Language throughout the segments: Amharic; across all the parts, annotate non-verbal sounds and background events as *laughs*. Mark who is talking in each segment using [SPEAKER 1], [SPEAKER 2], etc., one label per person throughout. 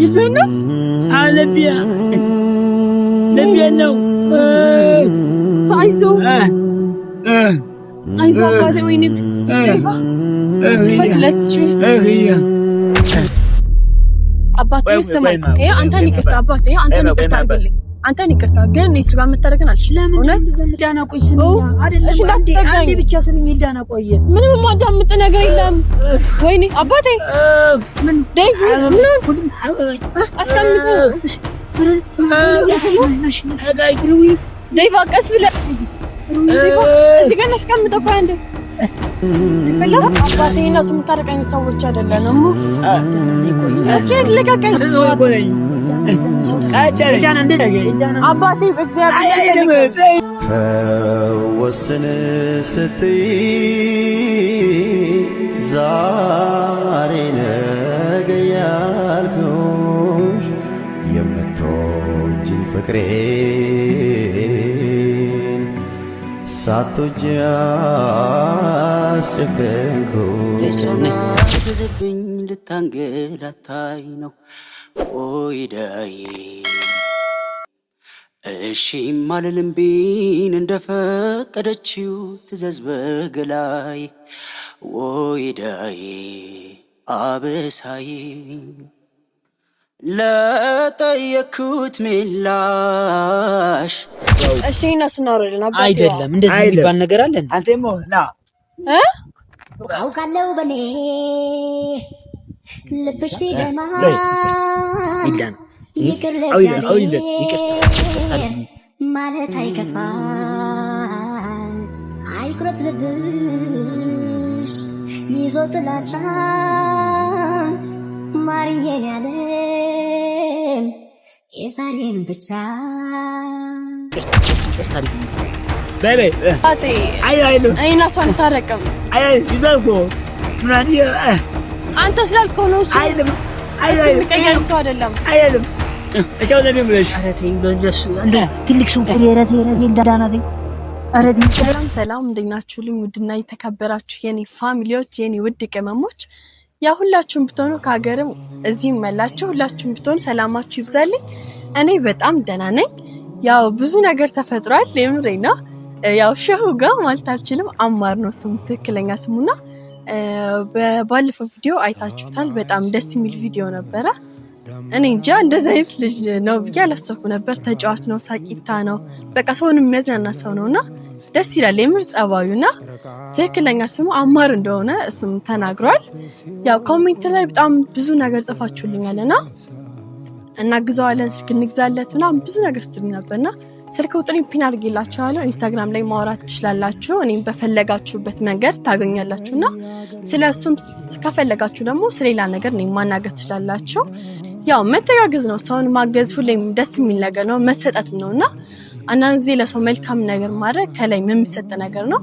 [SPEAKER 1] ይልበና አለቢያ አባቴ። ወይኔ አንተን ይቅርታ አባቴ፣ አንተን ይቅርታ አድርግልኝ አንተን ይቅርታ ግን እሱ ጋር መታረቅን
[SPEAKER 2] አልችልም። ለምን ዳና ብቻ ስምኝ ዳና ቆየ።
[SPEAKER 1] ምንም ማዳምጥ ነገር የለም። ወይኔ አባቴ አስቀምጡ ዴቭ፣ ቀስ ብለህ እዚህ ጋር አስቀምጠው እኮ አንዴ አባቴና እሱ የምታረቀኝ ሰዎች አይደለንም። እስኪ ልቀቀኝ። አባቴ
[SPEAKER 3] በእግዚአብሔር ተወስን ስትይ ዛሬ ነገ ያልኩሽ የምትወጂኝ ፍቅሬ ሳትወጂ አስጨከንኩኝ ትዝብኝ
[SPEAKER 1] ልታንገላታይ ነው ቆይዳዬ እሺም አልልም ቢን እንደፈቀደችው ትዘዝ በገላዬ ወይዳዬ አበሳዬ ለጠየኩት ሚላሽ እሺ፣ እነሱ እናወራለን።
[SPEAKER 3] አይደለም እንደዚህ የሚባል ነገር አለን።
[SPEAKER 4] አንተሞ ና
[SPEAKER 1] አውቃለሁ በኔ ልብሽ ቢደማ ይቅር ማለት አይከፋም። አይቁረት
[SPEAKER 3] ልብሽ ይዞ ጥላቻ ማርዬን የዛሬን ብቻ
[SPEAKER 1] አንተ ስላልከው ነው ሰላም ሰላም፣ እንደናችሁልኝ ውድና የተከበራችሁ የኔ ፋሚሊዎች፣ የኔ ውድ ቅመሞች ያ ሁላችሁም ብትሆኑ ከሀገርም እዚህም መላችሁ ሁላችሁም ብትሆኑ ሰላማችሁ ይብዛልኝ። እኔ በጣም ደህና ነኝ። ያው ብዙ ነገር ተፈጥሯል። የምሬ ነው። ያው ሸሁ ጋር ማለት አልችልም። አማር ነው ስሙ ትክክለኛ ስሙና ባለፈው ቪዲዮ አይታችሁታል። በጣም ደስ የሚል ቪዲዮ ነበረ። እኔ እንጃ እንደዚህ አይነት ልጅ ነው ብዬ አላሰብኩ ነበር። ተጫዋች ነው፣ ሳቂታ ነው፣ በቃ ሰውን የሚያዝናና ሰው ነው እና ደስ ይላል የምር ጸባዩ እና ትክክለኛ ስሙ አማር እንደሆነ እሱም ተናግሯል። ያው ኮሜንት ላይ በጣም ብዙ ነገር ጽፋችሁልኛል እና እናግዘዋለን ስልክ እንግዛለት ምናምን ብዙ ነገር ስትሉኝ ነበር እና ስልክ ቁጥሬን ፒን አድርጌላችኋለሁ። ኢንስታግራም ላይ ማውራት ትችላላችሁ። እኔም በፈለጋችሁበት መንገድ ታገኛላችሁ እና ስለ እሱም ከፈለጋችሁ ደግሞ ስለሌላ ነገር እኔም ማናገር ትችላላችሁ። ያው መተጋገዝ ነው። ሰውን ማገዝ ሁሌም ደስ የሚል ነገር ነው፣ መሰጠት ነው እና አንዳንድ ጊዜ ለሰው መልካም ነገር ማድረግ ከላይ የሚሰጥ ነገር ነው።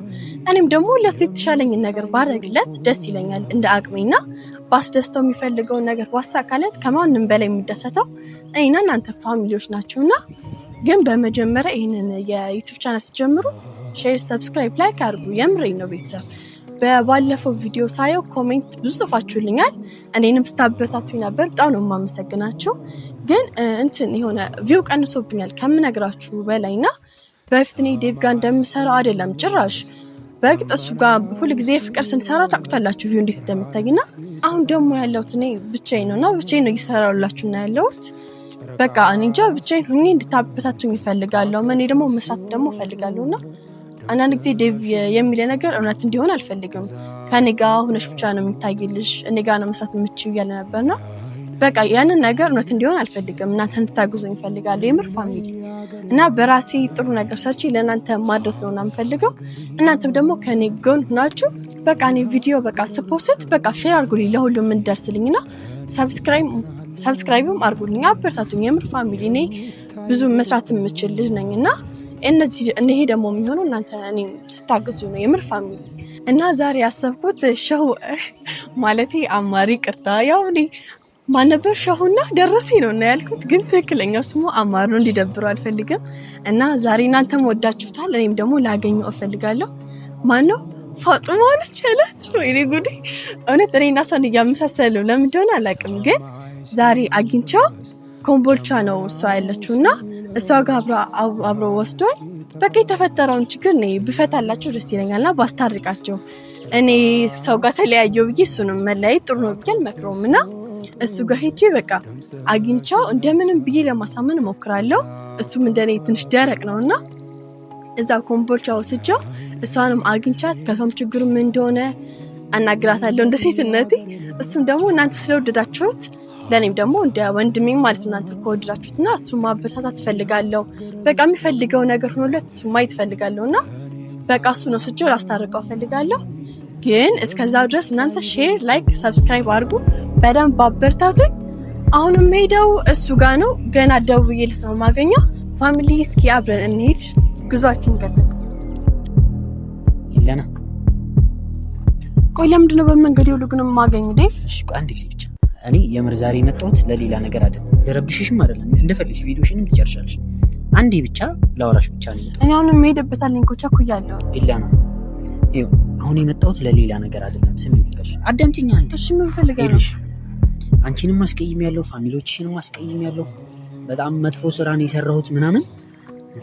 [SPEAKER 1] እኔም ደግሞ ለሱ የተሻለኝን ነገር ባደረግለት ደስ ይለኛል እንደ አቅሜና ባስደስተው የሚፈልገውን ነገር ባሳካለት ከማንም በላይ የሚደሰተው እኔና እናንተ ፋሚሊዎች ናችሁና ግን በመጀመሪያ ይህንን የዩቱብ ቻናል ሲጀምሩ ሼር፣ ሰብስክራይብ፣ ላይክ አድርጉ። የምሬ ነው ቤተሰብ በባለፈው ቪዲዮ ሳየው ኮሜንት ብዙ ጽፋችሁልኛል። እኔንም ስታበረታቱኝ ነበር። በጣም ነው የማመሰግናችሁ። ግን እንትን የሆነ ቪው ቀንሶብኛል ከምነግራችሁ በላይ ና በፊት እኔ ዴቭ ጋር እንደምሰራ አይደለም ጭራሽ። በእርግጥ እሱ ጋር ሁልጊዜ ፍቅር ስንሰራ ታውቁታላችሁ ቪው እንዴት እንደምታይ ና አሁን ደግሞ ያለሁት እኔ ብቻዬን ነው እና ብቻዬን ነው እየሰራሁላችሁ ና ያለሁት በቃ እኔ እንጃ ብቻዬን ሁኜ እንድታበታቱኝ እፈልጋለሁ። እኔ ደግሞ መስራት ደግሞ እፈልጋለሁ ና አንዳንድ ጊዜ ዴቭ የሚለ ነገር እውነት እንዲሆን አልፈልግም። ከኔ ጋ ሁነሽ ብቻ ነው የሚታይልሽ፣ እኔ ጋ ነው መስራት የምችው እያለ ነው በቃ ያንን ነገር እውነት እንዲሆን አልፈልግም። እናንተ እንድታግዙኝ ይፈልጋሉ የምር ፋሚሊ እና በራሴ ጥሩ ነገር ሰርቼ ለእናንተ ማድረስ ነው የምፈልገው። እናንተም ደግሞ ከኔ ጎን ሁናችሁ በቃ እኔ ቪዲዮ በቃ ስፖስት በቃ ሼር አድርጉልኝ ለሁሉም እንደርስልኝ እና ሰብስክራይብም አርጉልኝ አበርታቱኝ። የምር ፋሚሊ እኔ ብዙ መስራት የምችል ልጅ ነኝ እና እነዚህ እነሄ ደግሞ የሚሆኑ እናንተ እኔ ስታግዙ ነው የምር ፋሚሊ እና ዛሬ ያሰብኩት ሸው *laughs* ማለት አማሪ ቅርታ ያው እኔ ማነበር ሸሁና ደረሴ ነው እና ያልኩት፣ ግን ትክክለኛው ስሙ አማር ነው። እንዲደብረው አልፈልግም። እና ዛሬ እናንተም ወዳችሁታል፣ እኔም ደግሞ ላገኘው እፈልጋለሁ። ማን ነው ፋጡማ ነች ያላት። ወይኔ ጉዴ! እውነት እኔ እና እሷን እያመሳሰሉ ለምን እንደሆነ አላውቅም፣ ግን ዛሬ አግኝቻው ኮምቦልቻ ነው እሷ ያለችው እና እሷ ጋር አብሮ ወስዶ በቃ የተፈጠረውን ችግር እኔ ብፈታላቸው ደስ ይለኛል ባስታርቃቸው እኔ ሰው ጋር ተለያየው ብዬ እሱንም መለያየት ጥሩ ነው ብዬ አልመክረውም እና እሱ ጋር ሄጄ በቃ አግኝቻው እንደምንም ብዬ ለማሳመን እሞክራለሁ። እሱም እንደኔ ትንሽ ደረቅ ነው እና እዛ ኮምቦልቻ ወስጃው እሷንም አግኝቻት ከቶም ችግሩም እንደሆነ አናግራታለሁ እንደ ሴትነቴ። እሱም ደግሞ እናንተ ስለወደዳችሁት ለእኔም ደግሞ እንደ ወንድሜ ማለት እናንተ ከወደዳችሁትና እሱ ማበረታታት ትፈልጋለሁ። በቃ የሚፈልገው ነገር ሆኖለት እሱ ማየት እፈልጋለሁ እና በቃ እሱ ነው ስቼው ላስታርቀው እፈልጋለሁ። ግን እስከዛው ድረስ እናንተ ሼር፣ ላይክ፣ ሰብስክራይብ አድርጉ። በደንብ አበርታቱኝ። አሁን ሄደው እሱ ጋር ነው ገና ደውዬለት ነው የማገኘው። ፋሚሊ እስኪ አብረን እንሄድ፣ ጉዟችን ገለ ቆይ ለምንድን በመንገድ የሁሉ ግን የማገኙ ዴፍ?
[SPEAKER 3] እሺ አንድ ጊዜ እኔ የምር ዛሬ የመጣሁት ለሌላ ነገር አይደለም፣ ለረብሽሽም አይደለም። እንደፈለግሽ ቪዲዮሽንም ትጨርሻለሽ። አንዴ ብቻ ላወራሽ ብቻ ነው።
[SPEAKER 1] እኔ አሁን አለኝ የምሄድበታለኝ እኮ ቸኩያለሁ።
[SPEAKER 3] ሌላ ነው ይኸው። አሁን የመጣሁት ለሌላ ነገር አይደለም። ስሚ ልቀሽ፣ አዳምጪኝ አንዴ
[SPEAKER 1] እሺ። ምን ፈልጋለሽ?
[SPEAKER 3] አንቺንም ማስቀይም ያለው ፋሚሊዎችሽንም ማስቀይም ያለው በጣም መጥፎ ስራ ነው የሰራሁት ምናምን፣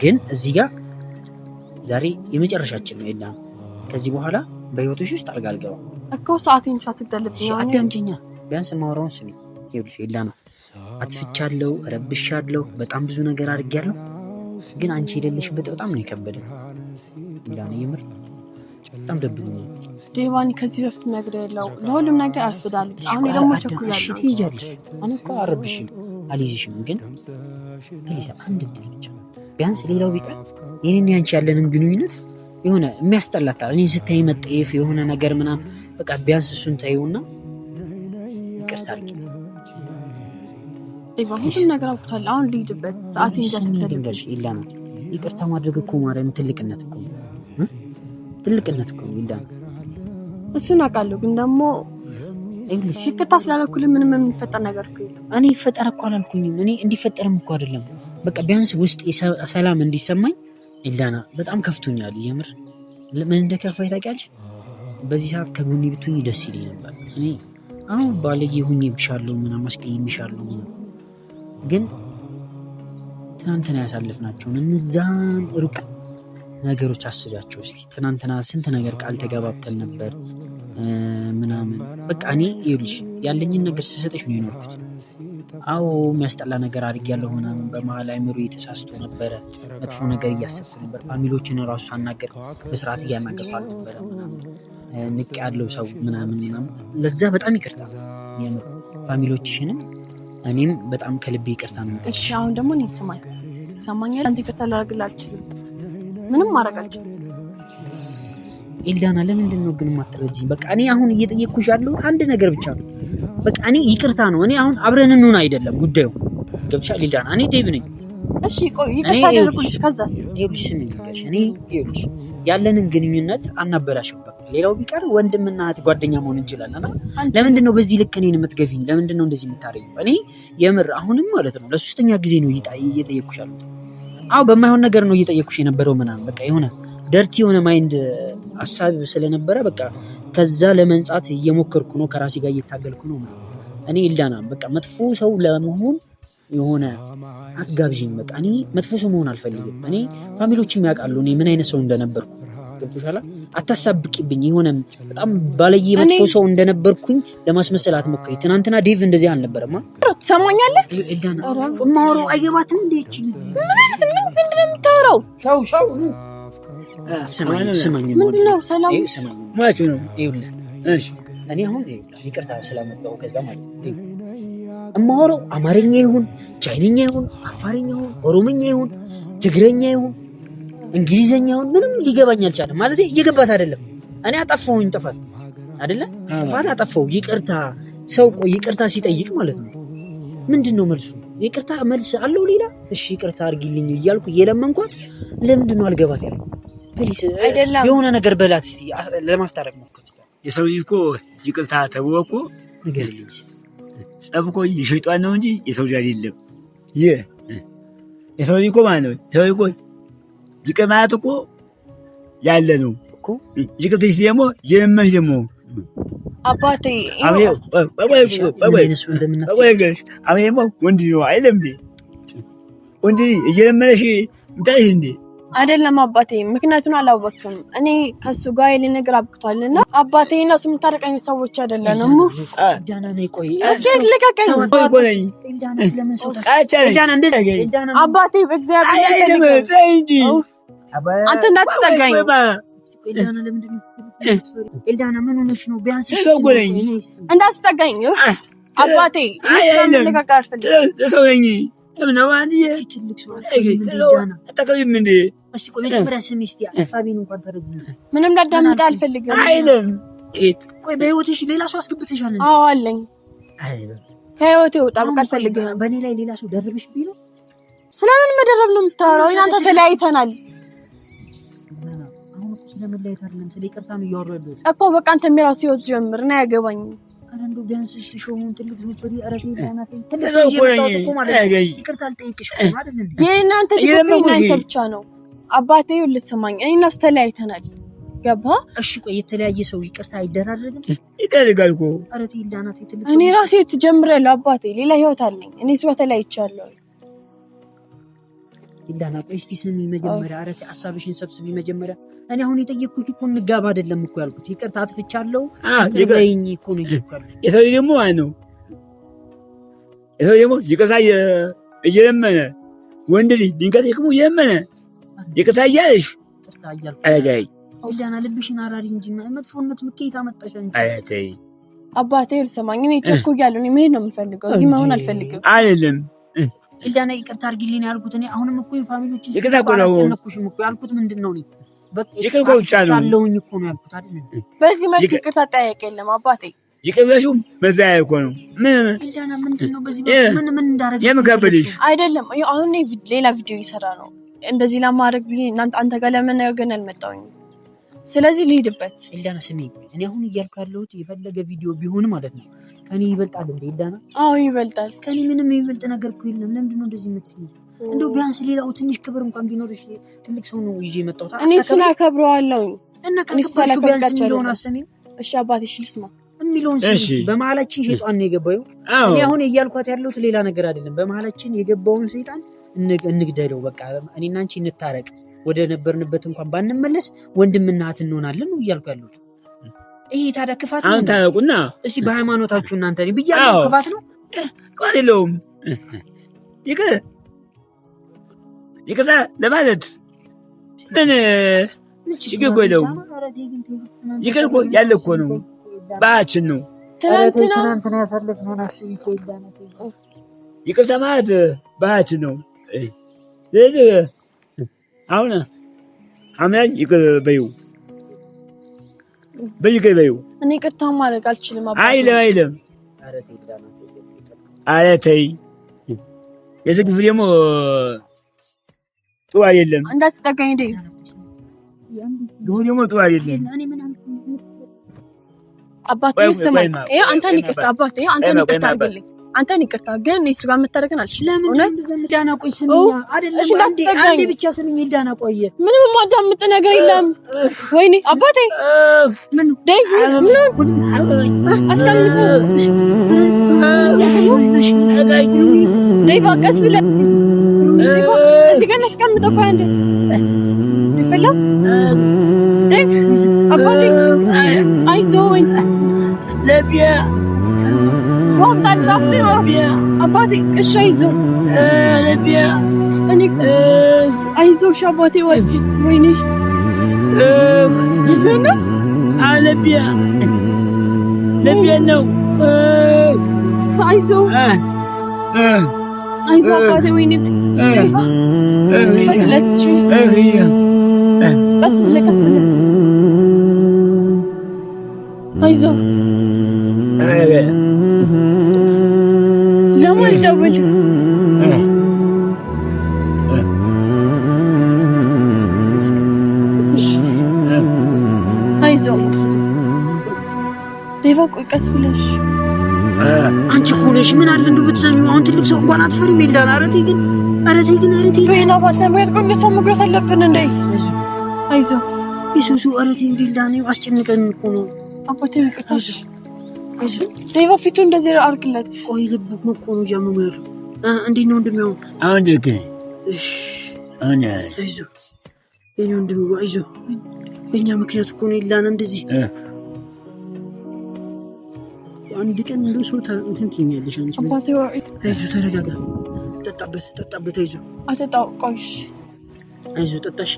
[SPEAKER 3] ግን እዚህ ጋር ዛሬ የመጨረሻችን ነው። የለም ከዚህ በኋላ በህይወቶች ውስጥ አልጋ አልገባም
[SPEAKER 1] እኮ ሰዓቴን ሻት ትደልብኛ።
[SPEAKER 3] አዳምጪኛ ቢያንስ ማውራውን ስሚ። ይኸውልሽ ኤላ ነው አጥፍቻለሁ፣ ረብሻለሁ፣ በጣም ብዙ ነገር አድርጌያለሁ። ግን አንቺ የሌለሽበት በጣም ነው የከበደ። ኤላ ነው የምር በጣም ደብሎኛል።
[SPEAKER 1] ዴቫኒ ከዚህ በፊት ነግደ የለው ለሁሉም ነገር አልፍዳለሁ። አሁን ደግሞ
[SPEAKER 3] ቸኩያለሽ ትይጃለሽ። እኔ እኮ አረብሽም አልይዝሽም፣ ግን ፕሊዝ አንድ ድል ብቻ ቢያንስ ሌላው ቢቀር የኔን ያንቺ ያለንን ግንኙነት የሆነ የሚያስጠላታል። እኔ ስታይ መጠየፍ የሆነ ነገር ምናምን በቃ ቢያንስ እሱን ታየውና ይቅርታ
[SPEAKER 1] ሁሉም ነገር አውቅታለሁ። አሁን ልሂድበት ሰዓት
[SPEAKER 3] ይዛትለሽ ይላና ይቅርታ ማድረግ እኮ ማርያም ትልቅነት እኮ ትልቅነት እኮ ይላና
[SPEAKER 1] እሱን አውቃለሁ። ግን ደግሞ ይቅርታ ስላለኩል ምንም የሚፈጠር ነገር እኮ
[SPEAKER 3] እኔ ይፈጠር እኮ አላልኩኝም። እኔ እንዲፈጠርም እኮ አይደለም። በቃ ቢያንስ ውስጥ ሰላም እንዲሰማኝ ኢላና፣ በጣም ከፍቶኛል። የምር ምን እንደከፋኝ ታውቂያለሽ? በዚህ ሰዓት ከጎኔ ብትሆኚ ደስ ይለኝ ነበር እኔ አሁን ባለጌ ሁኜ ብሻለሁ ምናምን አስቀይሜሻለሁ ግን ትናንትና ያሳለፍናቸውን እነዛን ሩቅ ነገሮች አስቢያቸው እስኪ። ትናንትና ስንት ነገር ቃል ተገባብተን ነበር ምናምን። በቃ እኔ ይኸውልሽ ያለኝን ነገር ስሰጥሽ ነው የኖርኩት። አዎ የሚያስጠላ ነገር አድርጌያለሁ። ሆነም በመሀል አይምሮ የተሳስቶ ነበረ። መጥፎ ነገር እያሰብኩ ነበር። ፋሚሊዎችን ራሱ አናገር በስርዓት እያናገርኩ አልነበረ። ንቅ ያለው ሰው ምናምን ምናምን። ለዛ በጣም ይቅርታ ፋሚሊዎችሽንም እኔም በጣም ከልቤ ይቅርታ ነው።
[SPEAKER 1] እሺ አሁን ደግሞ እኔ ስማኝ፣ ሰማኛል። አንተ ይቅርታ ላደርግልህ አልችልም። ምንም ማድረግ አልችልም።
[SPEAKER 3] ኤልዳና ለምንድን ነው ግን የማትረጂኝ? በቃ እኔ አሁን እየጠየቅኩሽ ያለው አንድ ነገር ብቻ ነው በቃ እኔ ይቅርታ ነው። እኔ አሁን አብረን እንሆን አይደለም ጉዳዩ ገብቻ ሊዳን እኔ ዴቭ ነኝ።
[SPEAKER 1] እሺ ቆይ ይቅርታ አደረኩልሽ። ከዛስ
[SPEAKER 3] ይኸውልሽ ስሚ ልቀሽ እኔ ይኸውልሽ ያለንን ግንኙነት አናበላሽበት። ሌላው ቢቀር ወንድምና እህት ጓደኛ መሆን እንችላለንና ለምንድን ነው በዚህ ልክ እኔን የምትገፊኝ? ለምንድን ነው እንደዚህ የምታረጊ? እኔ የምር አሁንም ማለት ነው ለሶስተኛ ጊዜ ነው እየጠየኩሽ ያሉት። አዎ በማይሆን ነገር ነው እየጠየኩሽ የነበረው ምናምን በቃ የሆነ ደርቲ የሆነ ማይንድ ሀሳብ ስለነበረ በቃ ከዛ ለመንጻት እየሞከርኩ ነው። ከራሴ ጋር እየታገልኩ ነው። እኔ ኢልዳና በቃ መጥፎ ሰው ለመሆን የሆነ አጋብዥኝ። በቃ እኔ መጥፎ ሰው መሆን አልፈልግም። እኔ ፋሚሊዎችም ያውቃሉ እኔ ምን አይነት ሰው እንደነበርኩ ገብቶሻል። አታሳብቂብኝ። የሆነ በጣም ባለየ መጥፎ ሰው እንደነበርኩኝ ለማስመሰል አትሞክሪ። ትናንትና ዴቭ እንደዚህ አልነበረማ።
[SPEAKER 1] ትሰማኛለህ? ኢልዳና የማወራው አይገባትም። እንዴች ምን አይነት ምን ምንድነው የምታወራው?
[SPEAKER 3] ሻው ሻው ስማኝ ነው እኔ አሁን ይቅርታ ስላመጣው ከዛ ማለት እማወራው አማርኛ ይሁን ቻይንኛ ይሁን አፋርኛ ይሁን ኦሮምኛ ይሁን ትግረኛ ይሁን እንግሊዘኛ ይሁን ምንም ሊገባኝ አልቻለም። ማለት እየገባት አይደለም። እኔ አጠፋሁኝ ጥፋት አይደለ ጥፋት አጠፋው። ይቅርታ ሰው ቆይ ይቅርታ ሲጠይቅ ማለት ነው ምንድን ነው መልሱ? ይቅርታ መልስ አለው ሌላ? እሺ ይቅርታ አድርጊልኝ እያልኩ እየለመንኳት ለምንድን ነው አልገባት ያለው? ፕሊዝ አይደለም የሆነ ነገር በላት እስኪ ለማስታረቅ ሞክር።
[SPEAKER 4] የሰው ልጅ እኮ ይቅርታ ተብሎ እኮ
[SPEAKER 3] ንገሪልኝ እስኪ
[SPEAKER 4] ጸብ እኮ የሸይጧን ነው እንጂ የሰው ልጅ አይደለም። ይህ የሰው ልጅ እኮ ማለት ነው የሰው ልጅ እኮ ይቅር ማለት እኮ ያለ ነው ይቅር ትይስ ደግሞ የመሽ ደግሞ አባቴ ወንድ ነው አይለም ወንድ እየለመነሽ ምታይሽ እንዴ
[SPEAKER 1] አይደለም አባቴ፣ ምክንያቱን አላወቅም። እኔ ከሱ ጋር የሌ ነገር አብቅቷል እና አባቴ እና እሱ የምታረቀኝ ሰዎች አይደለንም።
[SPEAKER 3] እስኪ
[SPEAKER 1] ልቀቀኝ አባቴ፣ በእግዚአብሔር አንተ እንዳትጠጋኝ። እንዳትጠጋኝ አባቴ።
[SPEAKER 3] ልቀቀኝ ምንም
[SPEAKER 1] ላዳምጥ አልፈልግም።
[SPEAKER 3] አይልም።
[SPEAKER 2] ቆይ በህይወትሽ ሌላ ሰው አስገብተሻል?
[SPEAKER 1] አዎ አለኝ። ከህይወቴ ወጣ፣ በቃ አልፈልግም።
[SPEAKER 2] በእኔ ላይ ሌላ ሰው ደርብሽ ቢለው
[SPEAKER 1] ስለምን መደረብ ነው የምታወራው? እናንተ ተለያይተናል እኮ በቃ አንተ የራስህ ህይወት ጀምር እና ያገባኝ
[SPEAKER 2] አንዱ ቢያንስ እሱ ትልቅ አረፊ
[SPEAKER 1] የእናንተ ብቻ ነው። አባቴ ልትሰማኝ እኔና እሱ ተለያይተናል። ገባ?
[SPEAKER 2] እሺ ቆይ የተለያየ ሰው ይቅርታ አይደራረግም?
[SPEAKER 3] ይደረጋል እኮ።
[SPEAKER 1] እኔ ራሴ ትጀምራለሁ። አባቴ ሌላ ህይወት አለኝ። እኔ እሱ ጋር ተለያይቻለሁ።
[SPEAKER 2] እንዳናቆ እስቲ ስሚ መጀመሪያ፣ ኧረ ሀሳብሽን ሰብስቢ መጀመሪያ። እኔ አሁን የጠየቅኩሽ እኮ እንጋባ አይደለም እኮ ያልኩት፣ ይቅርታ አጥፍቻለሁ ይኝ እኮ ነው
[SPEAKER 3] የሰው ደግሞ ማለት ነው የሰው ደግሞ ይቅርታ እየለመነ ወንድ ልጅ ድንገት ደግሞ እየለመነ ይቅርታ እያለሽ አረጋይ
[SPEAKER 2] ልብሽን አራሪ እንጂ መጥፎነት ምኬት አመጣሽ
[SPEAKER 3] እንጂ
[SPEAKER 1] አባቴ ልሰማኝ እኔ ቸኩ እያለሁ እኔ መሄድ ነው የምፈልገው። እዚህ መሆን አልፈልግም
[SPEAKER 3] አይደለም
[SPEAKER 2] ኤልዳና ይቅርታ አድርጊልኝ ያልኩት እኔ አሁንም እኮ የፋሚሊዎችን ይቅርታ እኮ ነው አላስጨነኩሽም እኮ ያልኩት ምንድን ነው እኔ ይቅር ቻለውኝ እኮ ነው ያልኩት
[SPEAKER 1] አይደል። በዚህ መልክ ይቅርታ ጠያቄ የለም አባቴ
[SPEAKER 3] ይቅር በዛ መዘያየ እኮ ነው። ምን
[SPEAKER 2] ምን ምን እንዳደረግሽ
[SPEAKER 3] የምን ከበደሽ?
[SPEAKER 1] አይደለም አሁን ሌላ ቪዲዮ ይሰራ ነው እንደዚህ ለማድረግ ብዬ አንተ ጋር ለመነጋገር አልመጣሁኝም ስለዚህ ልሂድበት።
[SPEAKER 2] ኤልዳና ስሚ፣ እኔ አሁን እያልኩ ያለሁት የፈለገ ቪዲዮ ቢሆን ማለት ነው ከኔ ይበልጣል እንደ ኤልዳና።
[SPEAKER 1] አዎ ይበልጣል።
[SPEAKER 2] ከኔ ምንም የሚበልጥ ነገር እኮ የለም። ለምንድን ነው እንደዚህ የምትይው? እንደው ቢያንስ ሌላው ትንሽ ክብር እንኳን ቢኖርሽ። ትልቅ ሰው ነው ይዤ የመጣሁት።
[SPEAKER 1] እኔ ስላከብረዋለሁ
[SPEAKER 2] እና ከከበርሽ ቢያንስ የሚለውን አሰሚም።
[SPEAKER 1] እሺ አባቴ፣ እሺ ልስማ
[SPEAKER 2] የሚለውን ስ በመሀላችን ሸይጣን ነው የገባው። እኔ አሁን እያልኳት ያለሁት ሌላ ነገር አይደለም። በመሀላችን የገባውን ሸይጣን እንግደለው። በቃ እኔና አንቺ እንታረቅ ወደ ነበርንበት እንኳን ባንመለስ ወንድምና እህት እንሆናለን እያልኩ ያሉት። ይሄ ታዲያ ክፋት
[SPEAKER 3] አሁን ታያውቁና
[SPEAKER 2] እስኪ በሃይማኖታችሁ እናንተ
[SPEAKER 3] ብያለሁ። ክፋት ነው ክፋት የለውም ይቅርታ ለማለት ምን ችግር እኮ የለውም። ይቅር እኮ ያለ እኮ ነው ባህችን ነው
[SPEAKER 2] ትናንትና ያሳለፍነውን አስቢ
[SPEAKER 3] ይቅርታ ማለት ባህችን ነው ስለዚህ አሁን አመያኝ ይቅር በይው በይቅር በይው።
[SPEAKER 1] እኔ ቅርታ ማድረግ አልችልም።
[SPEAKER 3] አይለም አይለም። ኧረ ተይ የዚህ ክፍል ደግሞ ጥሩ አይደለም።
[SPEAKER 1] እንዳትጠጋኝ ደይ
[SPEAKER 3] ድሁ ደግሞ ጥሩ አይደለም።
[SPEAKER 1] አባት ይስማኝ። አንተን ይቅርታ አባት፣ አንተን ይቅርታ አድርግልኝ አንተን ይቅርታ ግን እሱ ጋር የምታደርገን አልሽ።
[SPEAKER 2] ለምን ብቻ ስምኝ ዳና ቆየ
[SPEAKER 1] ምንም የማዳምጥ ነገር የለም። ወይኔ አባቴ
[SPEAKER 3] ምን ለቢያ
[SPEAKER 1] አይዞሽ አባቴ ወይኔ
[SPEAKER 3] አለቢያ ለቢያ ነው።
[SPEAKER 1] አይዞ አይዞ አባቴ ወይኔ ቀስ ብለህ ቀስ ብለህ አይዞ ለማን ደውል አይዞህ ዴቫ ቆይ ቀስ ብለሽ
[SPEAKER 2] አንቺ እኮ ነሽ ምን አለ እንደው ብትዘሚው አሁን ትልቅ ሰው እንኳን አትፈሪም ይላል ኧረ ግን ኧረ ግን ኧረ ተይ
[SPEAKER 1] ወይና ባስ ነበር ቆይ ለሰው አለብን እንዴ አይዞህ
[SPEAKER 2] ኢየሱስ ኧረ ተይ አስጨንቀን እኮ ነው
[SPEAKER 1] አባቴ ይቅርታሽ ዜባ ፊቱ እንደዚህ አድርግለት።
[SPEAKER 2] ቆይ ልብ እኮ ነው እያመመህ ያለው። እንዴት ነው ወንድሜ? አሁን የእኔ ወንድሜ አይዞ በእኛ ምክንያት እኮ ነው ይላና እንደዚህ አንድ ቀን እንደ ሰው እንትን ትይኛለሽ አንቺ። አባቴ አይዞ ተረጋጋ። ጠጣበት ጠጣበት። አይዞ
[SPEAKER 1] አጠጣው። ቆይሽ
[SPEAKER 2] አይዞ፣ ጠጣሽ።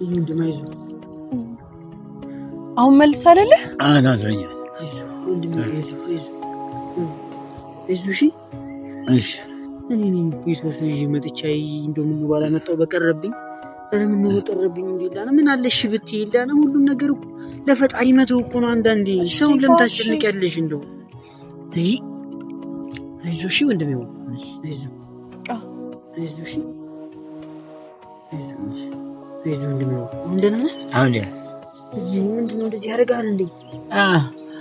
[SPEAKER 2] የእኔ ወንድሜ አይዞህ።
[SPEAKER 1] አሁን መልስ አይደለ
[SPEAKER 3] አናዝረኛ
[SPEAKER 2] አይዞ ወንድሜ አይዞህ አይዞህ አይዞህ። ሁሉም ነገር ለፈጣሪ መተው እኮ ነው። አንዳንዴ ሰውን ለምን ታስጨንቂያለሽ? እንደው አይ እሺ ወንድሜ አይዞህ አይዞህ። እሺ አይዞህ ወንድሜ። አሁን ደህና ነህ? አሁን ደህና ምንድን ነው እንደዚህ ያደርግሃል እንዴ?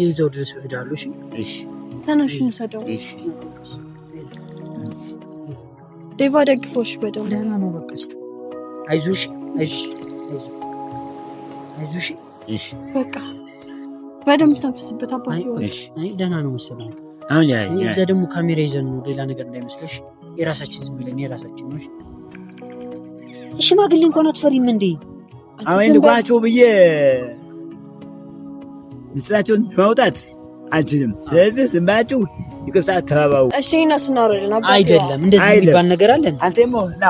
[SPEAKER 2] ይዘው ድረስ ይወስዳሉ።
[SPEAKER 3] እሺ
[SPEAKER 1] ተነሽ፣ እንሰደው። ዴቫ ደግፎሽ በደምብ
[SPEAKER 2] ደህና ነው። በቃ አይዞሽ፣
[SPEAKER 3] አይዞሽ።
[SPEAKER 1] በቃ በደምብ ተንፍስበት አባት።
[SPEAKER 2] ደህና ነው መሰለኝ። እዛ ደግሞ ካሜራ ይዘን ነው፣ ሌላ ነገር እንዳይመስለሽ። የራሳችን ዝም ብለን የራሳችን ነው። ሽማግሌ እንኳን አትፈሪም እንዴ?
[SPEAKER 3] አዎ እንግዋቸው ብዬ ምስጢራቸውን ለማውጣት አንችልም። ስለዚህ ዝም ብላችሁ ይቅርታ ተባባቡ።
[SPEAKER 1] እሺ እናስናረል
[SPEAKER 3] አይደለም እንደዚህ የሚባል ነገር አለን።
[SPEAKER 4] አንተሞ ና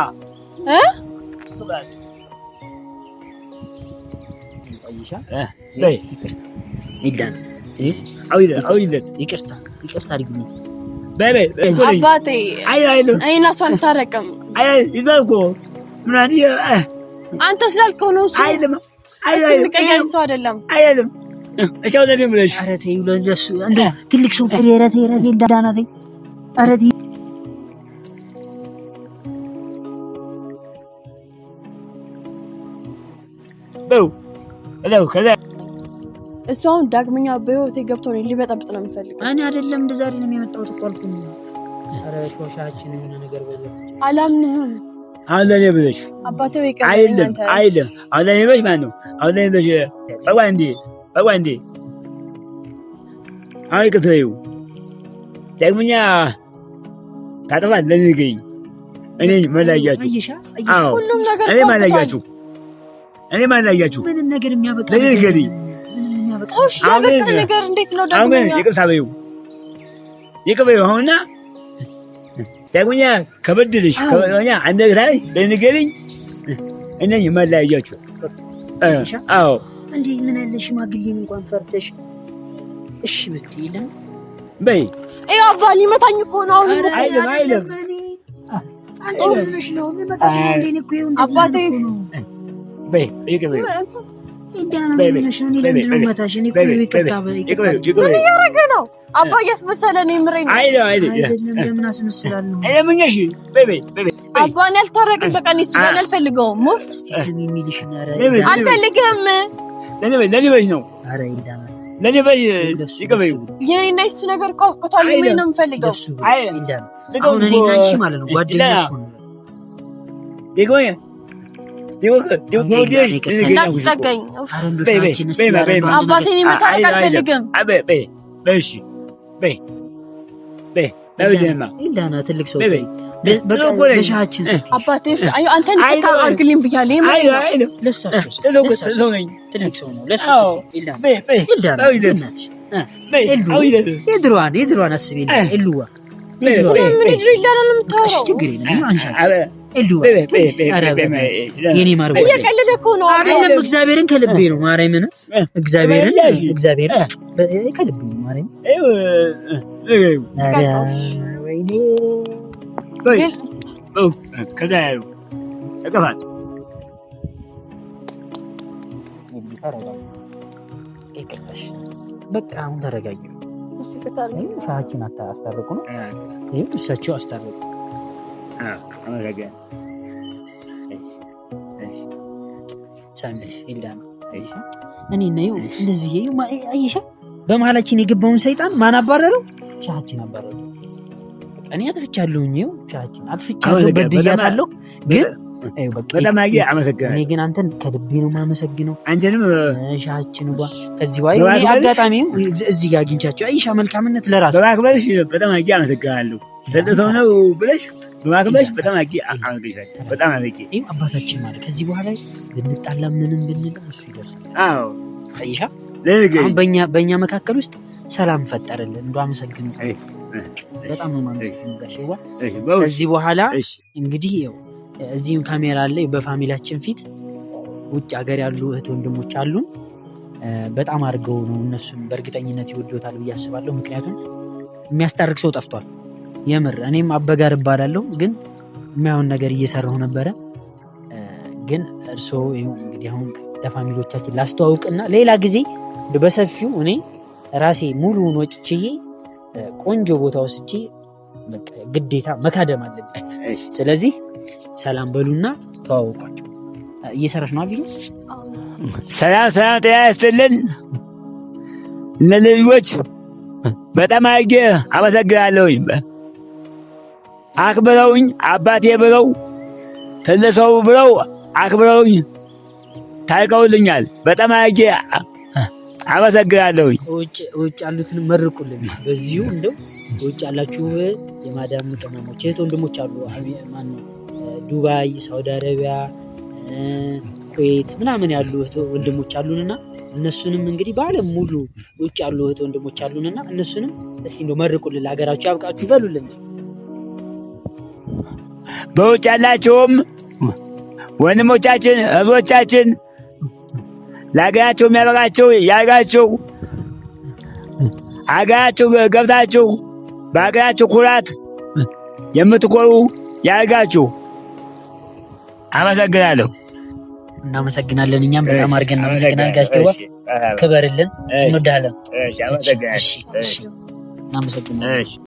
[SPEAKER 1] አንተ ስላልከው ነው እሱ
[SPEAKER 3] አይደለም። እሻው ለኔ ብለሽ
[SPEAKER 2] ኧረ ተይው፣ ለእሱ እንደው ትልቅ ፍሬ ኧረ ተይ፣ ኧረ ተይ፣ ዳና ተይ፣ ኧረ ተይ
[SPEAKER 3] በው እዛው ከዛ
[SPEAKER 1] እሱ ዳግመኛ በህይወቴ ገብቶ ነው ሊበጠብጥ ነው የሚፈልገው።
[SPEAKER 2] እኔ አይደለም እንደ ዛሬ ነው የመጣሁት እኮ አልኩኝ። ኧረ ሾሻችን የሆነ ነገር
[SPEAKER 1] አላምንህም።
[SPEAKER 3] አለኔ ብለሽ አባቴ አይደለም አይደለም። አለኔ ብለሽ ማለት ነው አለኔ ብለሽ ጠቋ እንዴ አቋንዴ አሁን ይቅርታ ይው ዳግመኛ ታጠፋ ለንገኝ እኔ ማላያችሁ እኔ ማላያችሁ እኔ ማላያችሁ ለንገኝ አሁን ይቅርታ በይው ይቅር በይው አሁንና ዳግመኛ ከበድልሽ ከበኛ አንድ ነገር ላይ ለንገኝ እኔ ማላያችሁ አዎ
[SPEAKER 2] እንዴ ምን አለ ሽማግሌን እንኳን ፈርተሽ እሺ ብትይ
[SPEAKER 3] በይ ይሄ አባ ሊመታኝ እኮ ነው። አሁን አይልም አይልም። አንቺ ምንሽ ነው ሊመታሽ እንዴ? እኮ ይሁን አባቴ። በይ ይቅር አልፈልግህም ለኔ በይ ነው ለኔ በይ ይቅበዩ። የኔና የሱ ነገር ቋቁቷል። ወይ ነው የምፈልገው አባቴን መታረቅ አልፈልግም። በይ በይ በይ በይ በይ በይ በይ እግዚአብሔርን ከልቤ ነው ማርያምን፣ እግዚአብሔርን እግዚአብሔርን ከልቤ ነው ማርያምን። ከዛ አሁን ተረጋጊ። ውሻችን አስታረቁ ነው እሳቸው አስታረቁ። እኔ እንደዚህ አየሻ በመሀላችን የገባውን ሰይጣን ማን አባረረው? ውሻችን አባረረው። እኔ አጥፍቻለሁኝ፣ ቻችን አጥፍቻለሁ፣ በድያታለሁ። ግን በጣም አየ አመሰግናለሁ። እኔ ግን አንተን ከልቤ ነው የማመሰግነው። አንቺንም ሻችን ጓ ከዚህ በኋላ አጋጣሚ አጋጣሚም እዚህ ጋር አግኝቻቸው አይሻ መልካምነት ለራሱ በማክበርሽ በጣም አየ አመሰግናለሁ። ሰው ነው ብለሽ በማክበርሽ በጣም አየ አመሰግናለሁ። በጣም አየ ይሄ አባታችን ማለት ከዚህ በኋላ ብንጣላ ምንም ብንል እሱ ይደርሳል። አዎ አይሻ ለነገር በእኛ በእኛ መካከል ውስጥ ሰላም ፈጠረልን። እንዶ አመሰግናለሁ። በጣም ነው ከዚህ በኋላ እንግዲህ ያው እዚህም ካሜራ አለ። በፋሚላችን ፊት ውጭ ሀገር ያሉ እህት ወንድሞች አሉን። በጣም አድርገው ነው እነሱን በእርግጠኝነት ይወዶታል ብዬ አስባለሁ። ምክንያቱም የሚያስታርቅ ሰው ጠፍቷል። የምር እኔም አበጋር እባላለሁ፣ ግን የማይሆን ነገር እየሰራሁ ነበረ። ግን እርስዎ እንግዲህ አሁን ለፋሚሎቻችን ላስተዋውቅና ሌላ ጊዜ በሰፊው እኔ ራሴ ሙሉውን ወጭ ችዬ ቆንጆ ቦታ ወስጄ ግዴታ መካደም አለብኝ። ስለዚህ ሰላም በሉና ተዋወቋቸው። እየሰራች ነው አቢሉ። ሰላም ሰላም፣ ጤና ያስጥልን። እነ ልጆች በጣም አድርጌ አመሰግናለሁኝ። አክብረውኝ አባቴ ብለው ትልቅ ብለው አክብረውኝ ታይቀውልኛል። በጣም አድርጌ አመሰግናለሁ ውጭ ያሉትን መርቁልን። በዚሁ እንደው ውጭ ያላችሁ የማዳም ቅመሞች እህት ወንድሞች አሉ። ዱባይ፣ ሳውዲ አረቢያ፣ ኩዌት ምናምን ያሉ እህት ወንድሞች አሉንና እነሱንም እንግዲህ በዓለም ሙሉ ውጭ ያሉ እህት ወንድሞች አሉንና እነሱንም እስቲ እንደው መርቁልን፣ ሀገራችሁ ያብቃችሁ በሉልን። በውጭ ያላችሁም ወንድሞቻችን እህቶቻችን ለአገራቸው የሚያበቃቸው ያርጋቸው። አገራቸው ገብታችሁ በአገራችሁ ኩራት የምትኮሩ ያርጋችሁ። አመሰግናለሁ። እናመሰግናለን። እኛም በጣም አድርገን እናመሰግናል። ጋሽ ክበርልን፣ እንወዳለን። እናመሰግናለን።